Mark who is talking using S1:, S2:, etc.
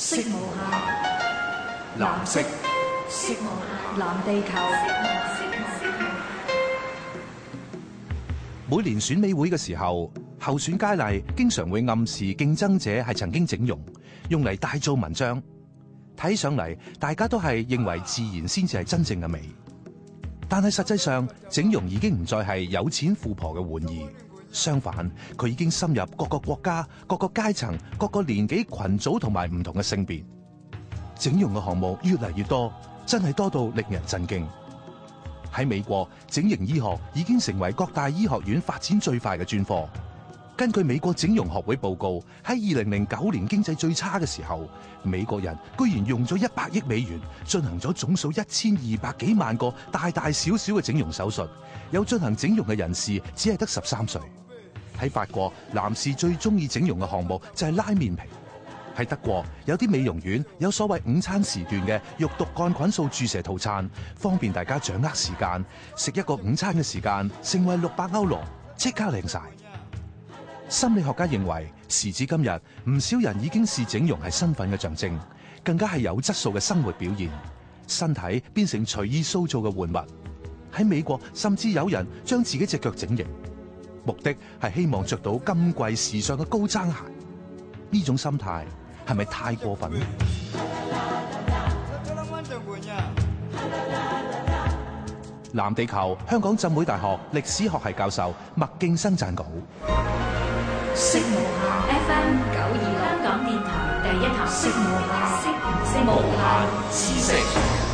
S1: 色無下藍色。色無下藍地球。每年選美會嘅時候，候選佳麗經常會暗示競爭者係曾經整容，用嚟大做文章。睇上嚟，大家都係認為自然先至係真正嘅美，但係實際上，整容已經唔再係有錢富婆嘅玩意。相反，佢已經深入各個國家，各個階層、各個年紀群組同埋唔同嘅性別，整容嘅項目越嚟越多，真係多到令人震驚。喺美國，整形醫學已經成為各大醫學院發展最快嘅專科。根據美國整容學會報告，喺二零零九年經濟最差嘅時候，美國人居然用咗一百億美元進行咗總數一千二百幾萬個大大小小嘅整容手術。有進行整容嘅人士，只係得十三歲。喺法國，男士最中意整容嘅項目就係拉麵皮；喺德國，有啲美容院有所謂午餐時段嘅肉毒桿菌素注射套餐，方便大家掌握時間，食一個午餐嘅時間，成為六百歐羅，即刻靚晒。Yeah. 心理學家認為，時至今日，唔少人已經視整容係身份嘅象徵，更加係有質素嘅生活表現，身體變成隨意塑造嘅玩物。喺美國，甚至有人將自己隻腳整形。目的係希望着到今季時尚嘅高踭鞋，呢種心態係咪太過分咧？藍地球，香港浸會大學歷史學系教授麥勁生撰稿。F M 九二，香港電台第一台。